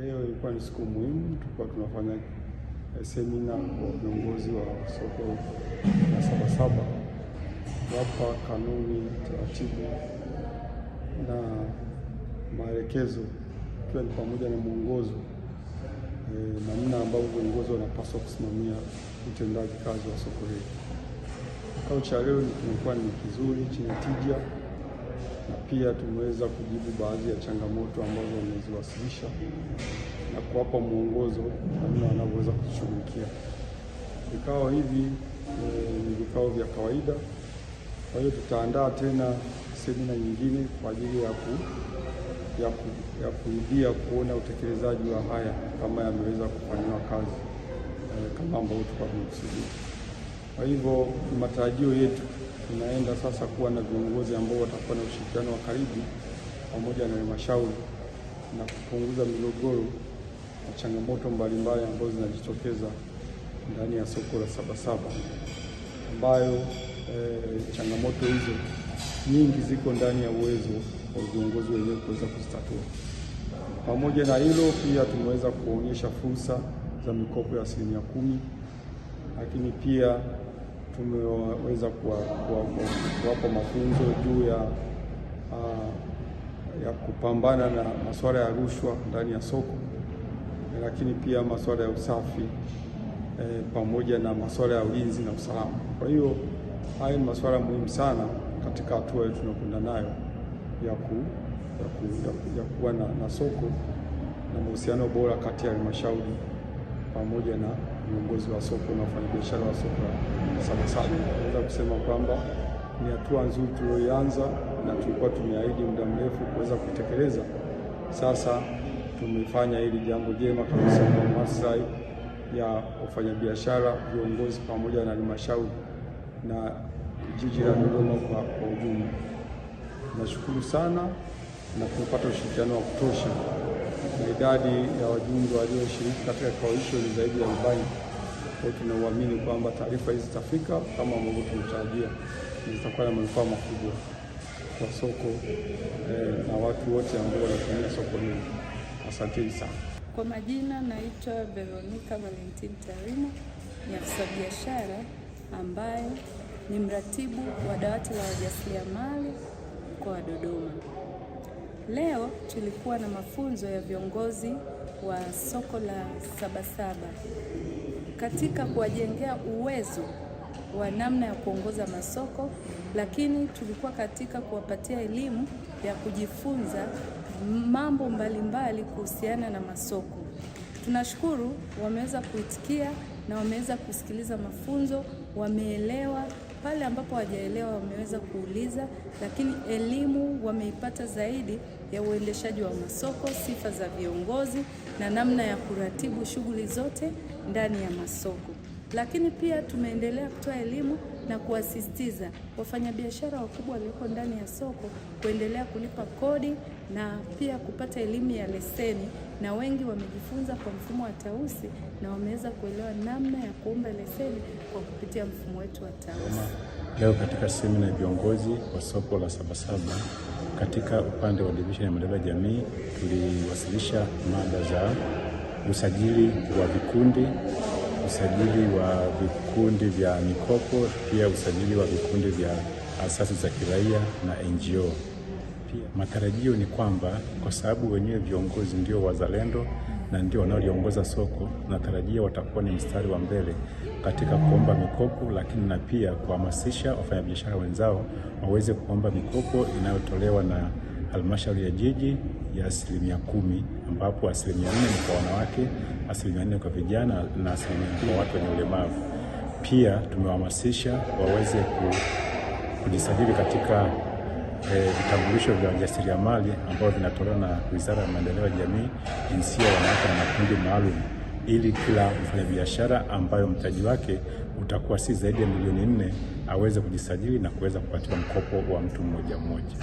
Leo ilikuwa ni siku muhimu, tulikuwa tunafanya eh, semina kwa viongozi wa soko la Sabasaba, wapa kanuni, taratibu na maelekezo, ikiwa ni pamoja na mwongozo e, namna ambavyo viongozi wanapaswa kusimamia utendaji kazi wa soko hili. Kikao cha leo kimekuwa ni kizuri, chenye tija na pia tumeweza kujibu baadhi ya changamoto ambazo wameziwasilisha na kuwapa mwongozo namna wanavyoweza kushughulikia. Vikao hivi eh, ni e, vikao vya kawaida, kwa hiyo tutaandaa tena semina nyingine kwa ajili ya ku ya, ku, ya kurudia kuona utekelezaji wa haya kama yameweza kufanyiwa kazi e, kama ambavyo tulikuwa tumekusudia. Kwa hivyo ni matarajio yetu tunaenda sasa kuwa na viongozi ambao watakuwa na ushirikiano wa karibu pamoja na halmashauri na kupunguza migogoro na changamoto mbalimbali ambazo zinajitokeza ndani ya soko la Sabasaba, ambayo e, changamoto hizo nyingi ziko ndani ya uwezo wa viongozi wenyewe kuweza kuzitatua. Pamoja na hilo, pia tumeweza kuonyesha fursa za mikopo ya asilimia kumi, lakini pia tumeweza kuwapa mafunzo juu ya ah, ya kupambana na masuala ya rushwa ndani ya soko, lakini pia masuala ya usafi e, pamoja na masuala ya ulinzi na usalama. Kwa hiyo haya ni masuala muhimu sana katika hatua hiyo tunakwenda nayo ya, ku, ya, ku, ya, ku, ya kuwa na, na soko na mahusiano bora kati ya halmashauri pamoja na viongozi wa soko na wafanyabiashara wa soko sana sana. Naweza kusema kwamba ni hatua nzuri tuliyoianza na tulikuwa tumeahidi muda mrefu kuweza kutekeleza. Sasa tumefanya hili jambo jema kabisa kwa maslahi ya wafanyabiashara, viongozi pamoja na halmashauri na jiji la Dodoma kwa ujumla. Nashukuru sana na tumepata ushirikiano wa kutosha na idadi ya wajumbe walioshiriki katika kikao hicho ni zaidi ya arobaini. Kwa hiyo tunauamini kwamba taarifa hizi zitafika kama ambavyo tunatarajia, zitakuwa na manufaa makubwa kwa soko eh, na watu wote ambao wanatumia soko hili. Asanteni sana. Kwa majina naitwa Veronica Valentine Tarimo, ni afisa biashara ambaye ni mratibu wa dawati la wajasiriamali mkoa wa Dodoma. Leo tulikuwa na mafunzo ya viongozi wa soko la Sabasaba katika kuwajengea uwezo wa namna ya kuongoza masoko, lakini tulikuwa katika kuwapatia elimu ya kujifunza mambo mbalimbali kuhusiana na masoko. Tunashukuru wameweza kuitikia na wameweza kusikiliza mafunzo, wameelewa. Pale ambapo hawajaelewa wameweza kuuliza, lakini elimu wameipata zaidi ya uendeshaji wa masoko, sifa za viongozi na namna ya kuratibu shughuli zote ndani ya masoko lakini pia tumeendelea kutoa elimu na kuwasisitiza wafanyabiashara wakubwa walioko ndani ya soko kuendelea kulipa kodi na pia kupata elimu ya leseni, na wengi wamejifunza kwa mfumo wa Tausi na wameweza kuelewa namna ya kuomba leseni kwa kupitia mfumo wetu wa Tausi. Leo katika semina ya viongozi wa soko la Sabasaba katika upande wa divisheni ya maendeleo ya jamii tuliwasilisha mada za usajili wa vikundi usajili wa vikundi vya mikopo, pia usajili wa vikundi vya asasi za kiraia na NGO. Matarajio ni kwamba kwa sababu wenyewe viongozi ndio wazalendo na ndio wanaoliongoza soko, natarajia watakuwa ni mstari wa mbele katika kuomba mikopo, lakini na pia kuhamasisha wafanyabiashara wenzao waweze kuomba mikopo inayotolewa na halmashauri ya jiji ya asilimia kumi ambapo asilimia nne ni kwa wanawake, asilimia nne kwa vijana na asilimia kwa watu wenye ulemavu. Pia tumewahamasisha waweze kujisajili katika vitambulisho eh, vitambulisho vya wajasiriamali ambavyo vinatolewa na Wizara ya Maendeleo ya Jamii, Jinsia, Wanawake na Makundi Maalum ili kila mfanyabiashara ambayo mtaji wake utakuwa si zaidi ya milioni nne aweze kujisajili na kuweza kupatiwa mkopo wa mtu mmoja mmoja.